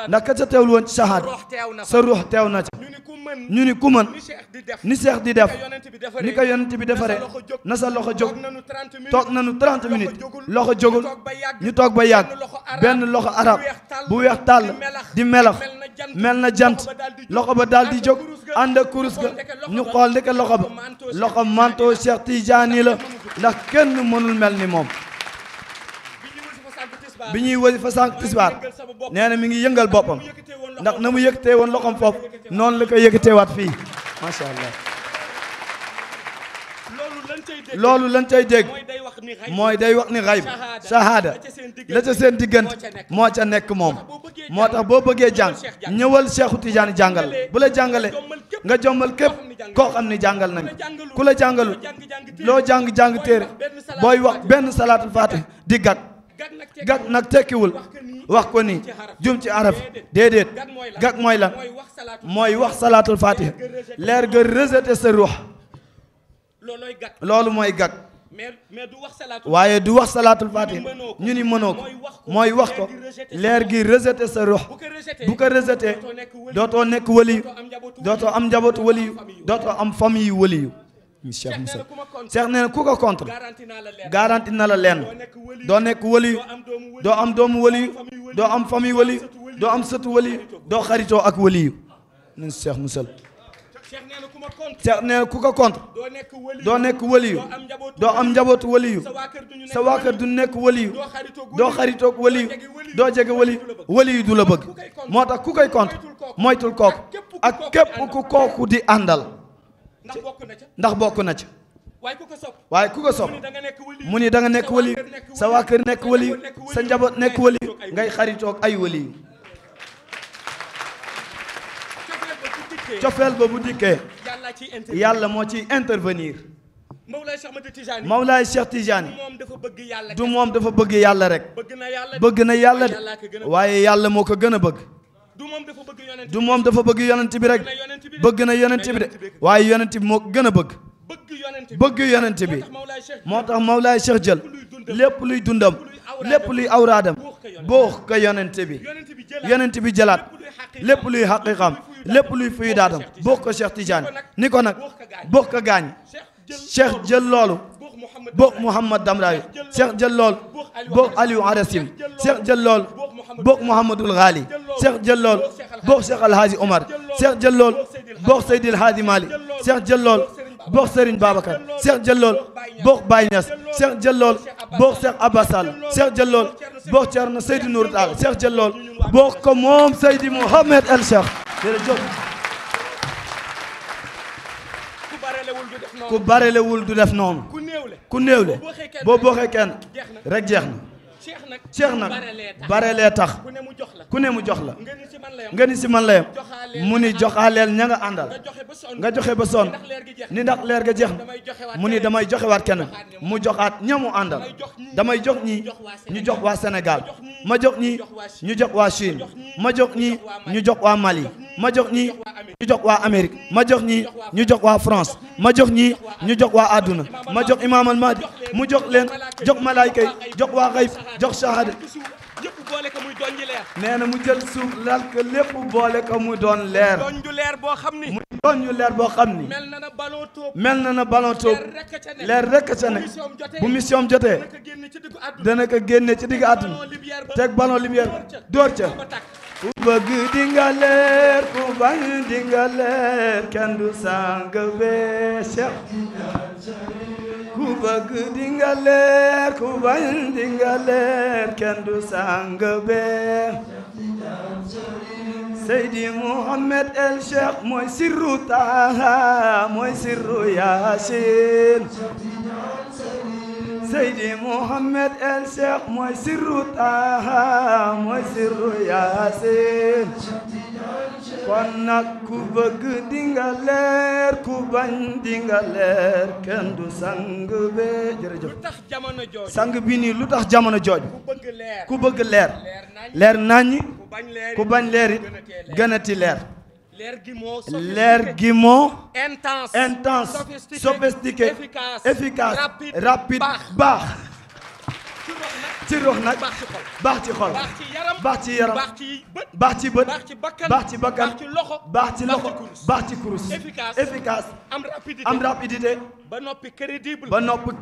ndax ka ca teewul woon ci saxaat sa ruux teew na ca ñu ni ku mën ni seex di def ni ko yonent bi defaree na sa loxo jóg toog nañu 30 minutes loxo jógul ñu toog ba yàgg benn loxo arab bu weex tàll di melax mel na jant loxo ba daal di jóg ànd ak kurus ga ñu xool ndeke loxo ba loxo manto Cheikh Tidiane la ndax kenn mënul mel ni moom bi ñuy wasifa sànq tisbaar nee na mi ngi yëngal boppam ndax na mu yëkkatee woon loxoom foofu noonu la ko yëkkateewaat fii macha allah loolu lañ cay dégg mooy day wax ni xayb sahaada la ca seen diggante moo ca nekk moom moo tax boo bëggee jàng ñëwal Seexu Tijaan jàngal bu la jàngale nga jommal képp koo xam ni jàngal nañ ku la jàngalul loo jàng-jàng téere booy wax benn salaatul faatih di gàgg gàgg nag tekkiwul wax ko ni jum ci araf déedéet gàgg mooy lan mooy wax salaatul faatih leer ga rejeté sa ruux loolooy gàkk loolu mooy gàkk waaye du wax salaatul faatih ñu ni mënoo ko mooy wax ko leer gi rejeté sa ruux bu ko rejeté dootoo nekk waliyu dootoo am njabootu waliyu dootoo am famille waliyu Cheikh Moussa Cheikh nee na ku ko contre garanti na la lenn doo nekk waliyu doo am doomu waliyu doo am famille waliyu doo am sëtu waliyu doo xaritoo ak waliyu nen Cheikh Moussa Cheikh nee na ku ma contre Cheikh nee ko contre doo nekk waliyu doo nekk waliyu doo am njabootu waliyu sa waa kër du nekk waliyu doo xaritoog waliyu doo jege waliyu waliyu du la bëgg moo tax ku koy contre moytul kooku ak képp ku kooku di àndal ndax bokk na ca waaye ku ko sopp mu ni da nga nekk waliyu sa waa kër nekk waliyu sa njaboot nekk waliyu ngay xaritoog ay waliyu cofeel ba bu dikkee yàlla moo ciy intervenir Mawlaay Cheikh Tidiane du moom dafa bëgg yàlla rek bëgg na yàlla de waaye yàlla moo ko gën a bëgg du moom dafa bëgg yonent bi rek bëgg na yonent bi de waaye yonent bi moo ko gën a bëgg bëgg yonent bi moo tax Mawlaay Cheikh jël lépp luy dundam lépp luy awraadam boo ko yonent bi yonent bi jëlaat lépp luy xaqiqam lépp luy fuy daatam bokk ko Cheikh Tidiane ni ko nag bokk ko gaañ Cheikh jël loolu bokk Mouhamad Damrawi Cheikh jël loolu bokk Aliou Arasim Cheikh jël loolu bokk Mouhamadul Ghali Cheikh jël loolu bokk Cheikh Alhaji Omar Cheikh jël loolu bokk Seydil Hadi Mali Cheikh jël loolu bokk sëriñ Babacar Cheikh jël lool bokk Baye Niass Cheikh jël lool bokk Cheikh Abba Sall Cheikh jël lool bokk Thierno Seydou Nourou ko moom Seydi Mouhamed El Cheikh jërëjëf ku barelewul du def noonu ku néewle boo bokkee kenn rek jeex na cheikh nag bare lee tax ku ne mu jox la nga ni si man la yam mu ni joxaaleel ña nga àndal nga joxe ba sonn ni ndax leer nga jeex na mu ni damay joxewaat kenn mu joxaat ña mu àndal damay jox ñi ñu jox waa Sénégal ma jox ñi ñu jox waa Chine ma jox ñi ñu jox waa Mali ma jox ñii ñu jox waa Amérique ma jox ñii ñu jox waa France ma jox ñii ñu jox waa àdduna ma jox Imaam al Mahdi mu jox leen jox malaayka yi jox waa xayb jox shahada nee na mu jël suuf lal ko lépp boole ko mu doon leer mu doon ñu leer boo xam ni mel na na ballon toob leer rekk ca ne bu mission jotee dana ko génne ca digg àdduna teg ballon lumière dóor ca ku bëgg dinga leer ku bañ dinga kenn du sang bee Seex Seydi Muhammad el Cheikh mooy sirru Taha mooy sirru Yaasin Seydi Mouhamed El Cheikh mooy sirru Taaha mooy sirru Yaasin kon nag ku bëgg dinga leer ku bañ dinga leer kenn du sang be sang bi nii lu tax jamono jooju ku bëgg leer leer naññi ku bañ leer it gënati leer leer gi moo intense sophistiqué efficace rapide baax ci rox nag baax ci xol baax ci yaram baax ci bët baax ci bakkan baax ci loxo baax ci kurus efficace am rapidité ba noppi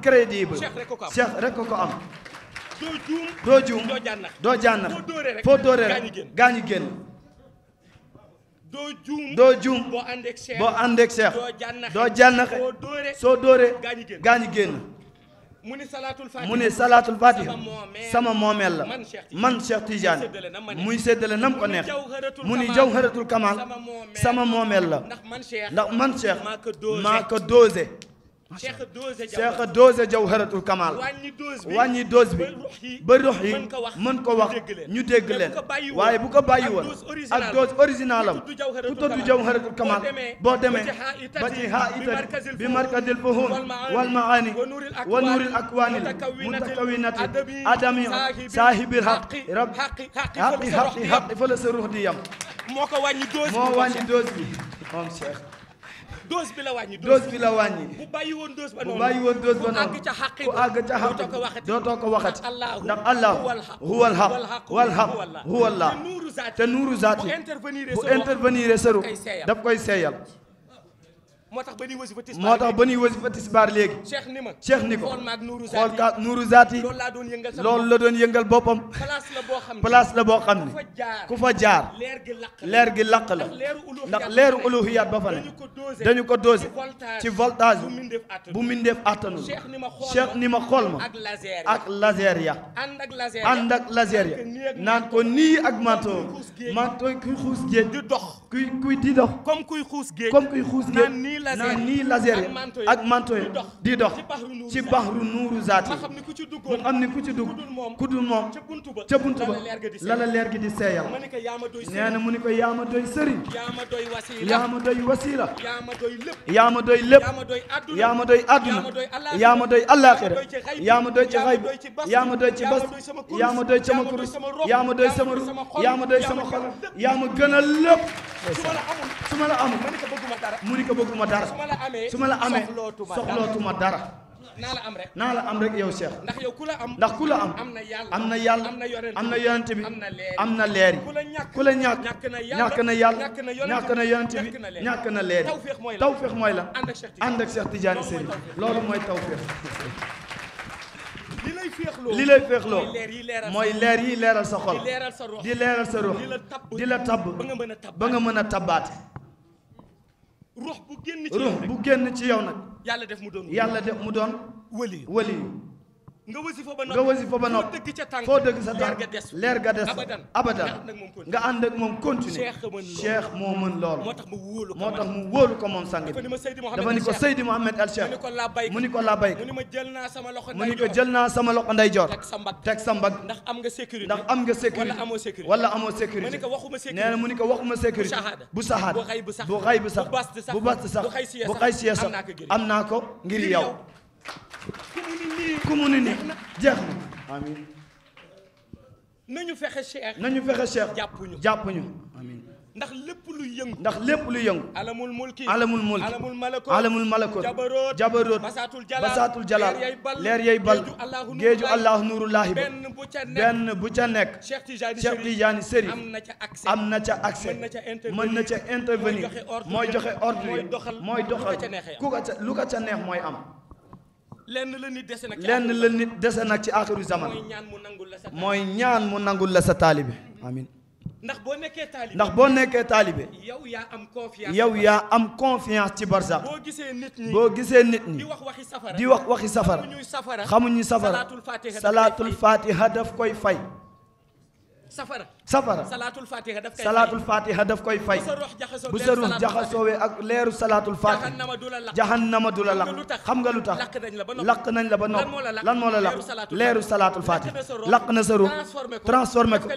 crédible cheikh rek ko am doo juum doo jànn jànnax foo dóore rek gaañu génn doo juum doo juum boo ànd ak seex doo jànnaxe soo dóoree gaañu génn mu ne salaatul faatiha sama moomeel la man Cheikh Tidiane muy séddale na nam ko neex mu ni jawharatul kamal sama moomeel la ndax man Cheikh maa ko doose cheikh dose jawharatul kamal wàññi dose bi ba rux yi mën ko wax ñu dégg leen waaye bu ko bàyyi woon ak dose originalam ku tudd jawharatul kamal boo demee ba ci ha itati bi markazil fuhum wal maani wa nuuril akwaanil mutakawinati adami saahibil haq rab haqi haqi haqi fa la sa di yam moo wàññi dose bi moom cheikh dose bi la wàññi. dose bi la wàññi. bu bàyyi woon dose ba noonu bu bàyyi woon dose ba noonu. ku àgg ca xàq ku àgg ca xàq dootoo ko waxati. ndax allah huwal xaq wal xaq huwallah te nuuru zaati bu intervenir seeru daf koy seeyal. moo tax ba ñuy wasifa tisbaar moo tax ba ñuy wasifa tisbaar léegi. cheikh ni ma cheikh ni ko xool maag nuuru zaati xool ka nuuru zaati loolu la doon yëngal boppam. place la boo xam ne ku fa jaar leer gi laq la leer gi laq la ndax leeru uluhiyaat ba fa ne dañu ko dosé ci voltage bu mindeef attanu cheikh ni ma xool ma ak laser ya ànd ak laser ya naan ko nii ak manto manto kuy xuus géej di dox kuy kuy di dox comme kuy xuus géej comme kuy xuus géej naan nii laser ak manto yi di dox ci baxru nuuru zaati mu xam ni ku ci dugg ku dul moom ca buntu ba lala leer gi di seeyal nee na mu ni ko yaama doy sëriñ yaama doy wasiila yaama doy lépp yaama doy àdduna yaama doy allaaxira yaama doy ci xayb yaama doy ci bas yaama doy sama kurus yaama doy sama ru yaama doy sama xol yaama gënal lépp su ma la amul mu ni ko bëgguma dara su ma la amee soxlootuma dara naa la am rek naa la am yow Cheikh ndax yow ku la am ndax ku la am am na yàlla am na yonent bi am na leer yi ku la ñàkk ñàkk na yàlla ñàkk na yonent bi ñàkk na leer yi tawféex mooy la ànd ak Cheikh Tidiane Serigne loolu mooy tawféex li lay féexloo mooy leer yi leeral sa xol di leeral sa ruux di la tabb ba nga mën a tabaat ruux bu génn ci yow nag yàlla def mu doon wëli wëli nga wasifa ba noppi nga wasifa ba noppi foo dëgg sa tànk leer ga des abadan nga ànd ak moom continuer cheikh moo mën loolu moo tax mu wóolu ko moom sang bi dafa ni ko Seydi mu ni ko la bay mu ni ko jël naa sama loxo mu ni ko jël naa sama loxo nday joor teg sa mbag ndax am nga sécurité ndax am nga sécurité wala amoo sécurité nee na mu ni ko waxuma sécurité bu saxaat bu xay bu sax bu bast sax bu xay siya am naa ko ngir yow ku mu ni nii jeex na amiin fexe Cheikh nañu fexe jàpp ñu jàpp ñu amiin ndax lépp lu yëngu ndax lépp lu yëngu alamul mulki alamul mulki alamul malakot alamul malakot jabaroot jabaroot basaatul jalaal basaatul jalaal leer yay bal géeju allah nuurullahi ba benn bu ca nekk Cheikh Tidiane Seri am na ca accès mën na ca intervenir mooy joxe ordre mooy doxal ku ko ca lu ko ca neex mooy am lenn la nit dese nag lenn la nit dese nag ci axiru zaman mooy ñaan mu nangul la sa taalibe amin ndax boo nekkee taalibe ndax boo nekkee taalibe yow yaa am confiance yow yaa am confiance ci barsax boo gisee nit ñi boo gisee nit ñi di wax waxi safara di wax waxi safara xamuñu safara salaatul fatiha daf koy fay safara safara salaatul fatiha daf koy fay salaatul fatiha daf koy fay bu sa ruux jaxasoowee ak leeru salaatul fatiha jahannama du la lakk xam nga lu tax lakk nañ la ba nopp lan moo la lakk leeru salaatul fatiha lakk na sa ruux transformé ko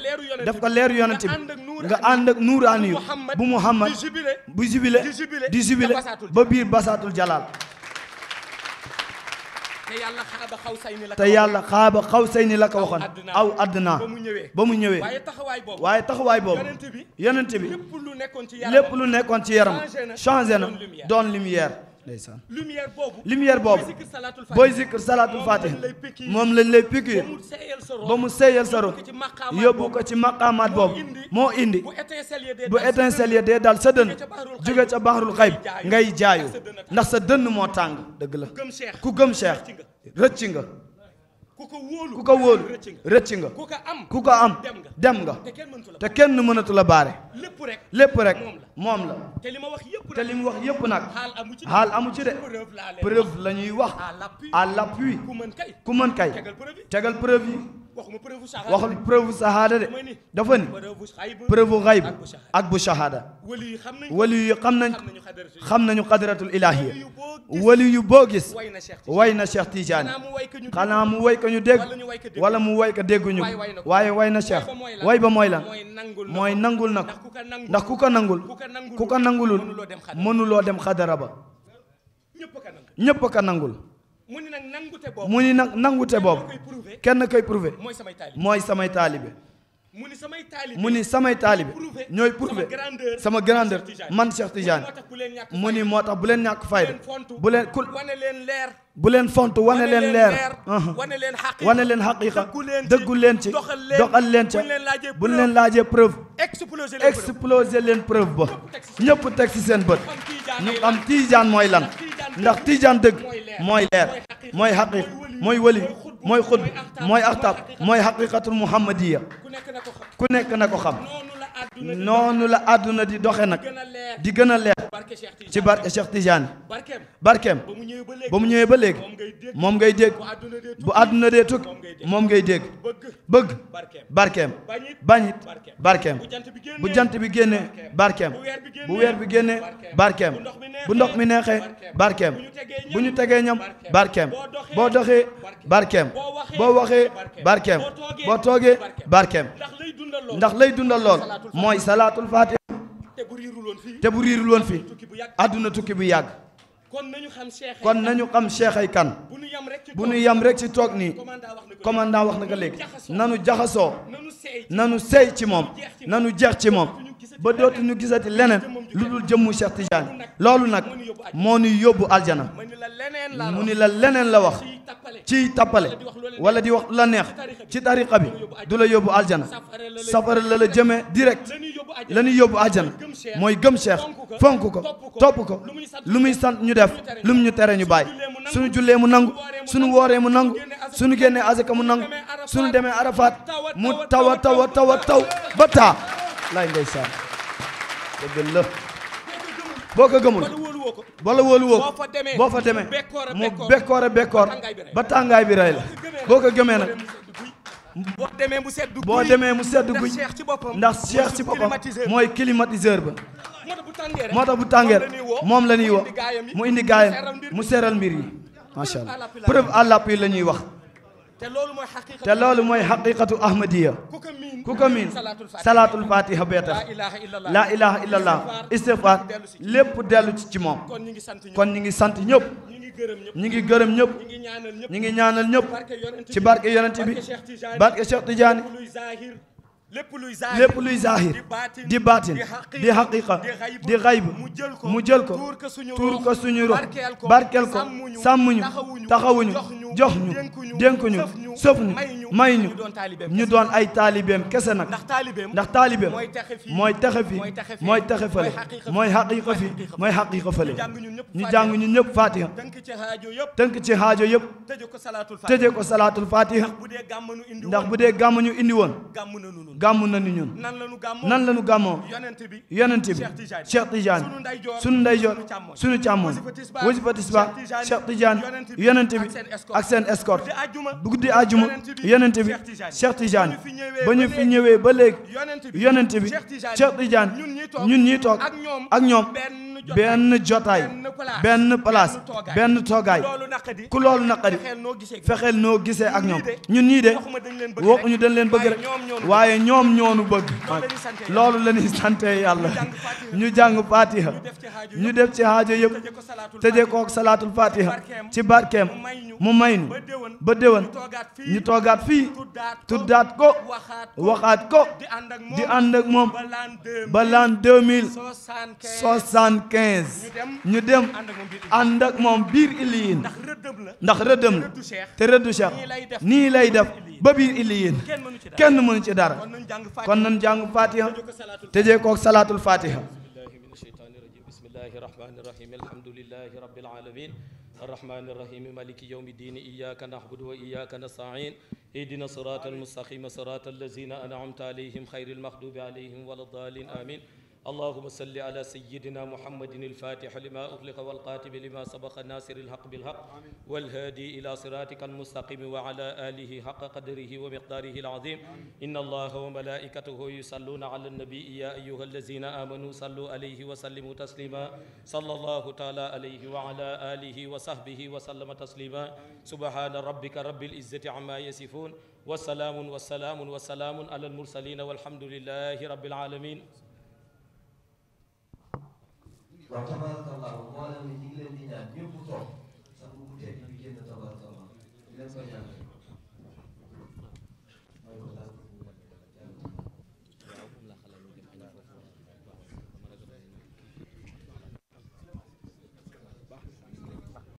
daf ko leeru yonent bi nga ànd ak nuuraani yu bu muhammad bu jubile di jubile ba biir basaatul jalaal te yàlla xaaba xaw say ni la ko waxoon aw àddina ba mu ñëwee waaye taxawaay boobu yonent bi lépp lu nekkoon ci yaram changé na doon lumière ndeysaan lumière boobu lumière boobu booy zikr salaatul fatih moom lañ lay piqûre ba mu seeyal sa ruux yóbbu ko ci maqaamaat boobu moo indi bu étincelle ya dee daal sa dënn jóge ca baxarul xayb ngay jaayu ndax sa dënn moo tàng dëgg la ku gëm cheikh rëcc nga ku ko wóolu ku ko wóolu rëcc nga ku ko am ku ko am dem nga te kenn mënatu la baare lépp rek lépp rek moom la te li ma wax yëpp li mu wax yëpp nag xaal amu ci de preuve la ñuy wax a l'appui ku mën kay tegal preuve yi waxul preuve sahaada de dafa ni preuve xayb ak bu sahaada wali yu xam nañ xam na ñu xadratul ilaahiya wali yu boo gis way na Cheikh Tidiane xanaa mu way ko ñu dégg wala mu way ko dégguñu waaye way na Cheikh way ba mooy lan mooy nangul nag ndax ku ko nangul ku ko nangulul mënuloo dem xadara ba ñëpp ka nangul mu ni nag nangute boobu mu ni nag nangute boobu kenn koy prouvé mooy samay taalibe mu ni samay taalibe mu ni samay taalibe ñooy prouvé sama grandeur man Cheikh Tidiane mu ni moo tax bu leen ñàkk fayda bu leen kul leer bu leen font wane leen leer wane leen xaqiqa wane leen xaqiqa dëggu leen ci doxal leen ca bu leen laajee preuve exploser leen preuve ba ñëpp teg ci seen bët ñu am tiijaan mooy lan ndax tiijaan dëgg mooy leer mooy xaqiq mooy wali mooy xutb mooy axtaab mooy xaqiqatul muhammadiya ku nekk na ko xam noonu la àdduna di doxe nag di gën a leer ci barke Cheikh Tidiane barkeem ba mu ñëwee ba léegi moom ngay dégg bu àdduna dee tukki moom ngay dégg bëgg barkeem bañit barkeem bu jant bi génnee barkeem bu weer bi génnee barkeem bu ndox mi neexee barkeem bu ñu tegee ñam barkeem boo doxee barkeem boo waxee barkeem boo toogee barkeem ndax lay dundal lool mooy salaatul faatiha te bu riirul woon fii te bu riirul woon fii àdduna tukki bu yàgg. kon nañu xam Cheikh kon nañu xam Cheikh ay kan bu nu yam rek ci bu ñu yam rek ci toog nii commandant wax na ko léegi nanu jaxasoo nanu seey ci moom nanu jeex ci moom. ba dootuñu gisati leneen lu dul jëmmu Cheikh Tidiane loolu nag moo ñu yóbbu aljana mu ni la leneen la wax ci tappale wala di wax la neex ci tariqa bi du la yóbbu aljana safara la la jëmee direct la ñuy yóbbu aljana mooy gëm Cheikh fonk ko topp ko lu muy sant ñu def lu mu ñu tere ñu bàyyi suñu jullee mu nangu suñu wooree mu nangu suñu génnee azaka mu nangu suñu demee Arafat mu taw a taw a taw a taw ba taa lay ndeysaan dëgg la boo ko gëmul wala wóolu woo ko boo fa demee mu bekkoore bekkoor ba tàngaay bi rey la boo ko gëmee nag boo demee mu sedd guy boo demee mu sedd guy ndax Cheikh ci boppam mooy climatiseur ba moo tax bu tàngee moom la ñuy wax mu indi gaayam mu seral mbir yi macha allah preuve à l'appui la ñuy wax te loolu mooy xaqiqatu ahmadiya ku ko miin salaatul fatiha bee tax laa ilaha illallah istighfar lépp dellu ci ci moom kon ñi ngi sant ñëpp ñi ngi gërëm ñëpp ñi ngi ñaanal ñëpp ci barke yonent bi barke Cheikh Tidiane lépp luy zahir di baatin di haqiqa di xayb mu jël ko tuur ko suñu rox barkeel ko sàmmuñu taxawuñu jox ñu dénk ñu sëf ñu may ñu ñu doon ay taalibeem kese nag ndax taalibeem mooy texe fi mooy texe fële mooy xaqiiqa fi mooy xaqiiqa fële ñu jàng ñu ñëpp fatiha tënk ci xaajo yëpp tëje ko salaatul fatiha ndax bu dee gàmm ñu indi woon gàmm na ni ñun nan la ñu gàmmoo yonent bi Cheikh Tidiane sunu ndeyjoor sunu càmmoñ wasifa tisba Cheikh Tidiane yonent ak seen escorte bu guddi àjjuma yonent bi Cheikh Tidiane ba ñu fi ñëwee ba léegi yonent bi Cheikh Tidiane ñun ñuy toog ak ñoom benn jotaay benn place benn toogaay ku loolu naqari fexeel noo gisee ak ñoom ñun ñii de waxuñu dañ leen bëgg rek waaye ñoom ñoonu bëgg loolu la ñuy sante yàlla ñu jàng fatiha ñu def ci haajo yëpp tëjee kook salaatul fatiha ci barkeem mu may nu ba déwén ñu toogaat fii tuddaat ko waxaat ko di ànd ak moom ba laan quinze ñu dem ànd ak moom biir iliyin ndax rëddëm la te rëddu Cheikh nii lay def ba biir iliyin kenn mënu ci dara kon nañ jàng fatiha tëjee kook salaatul fatiha الله الرحمن الرحيم الحمد لله رب العالمين الرحمن الرحيم مالك يوم الدين إياك نعبد وإياك نستعين اهدنا الصراط المستقيم صراط الذين أنعمت عليهم خير المغضوب عليهم ولا الضالين آمين اللهم صل على سيدنا محمد الفاتح لما أغلق والقاتم لما سبق ناصر الحق بالحق والهادي إلى صراطك المستقيم وعلى آله حق قدره ومقداره العظيم إن الله وملائكته يصلون على النبي يا أيها الذين آمنوا صلوا عليه وسلموا تسليما صلى الله تعالى عليه وعلى آله وصحبه وسلم تسليما سبحان ربك رب العزة عما يصفون والسلام والسلام والسلام على المرسلين والحمد لله رب العالمين waaye tabaarakallaahu mboolem yi ñu ngi leen di ñaan ñëpp toog sax bu mu teg bi génn tabaarakallaahu di leen ko ñaan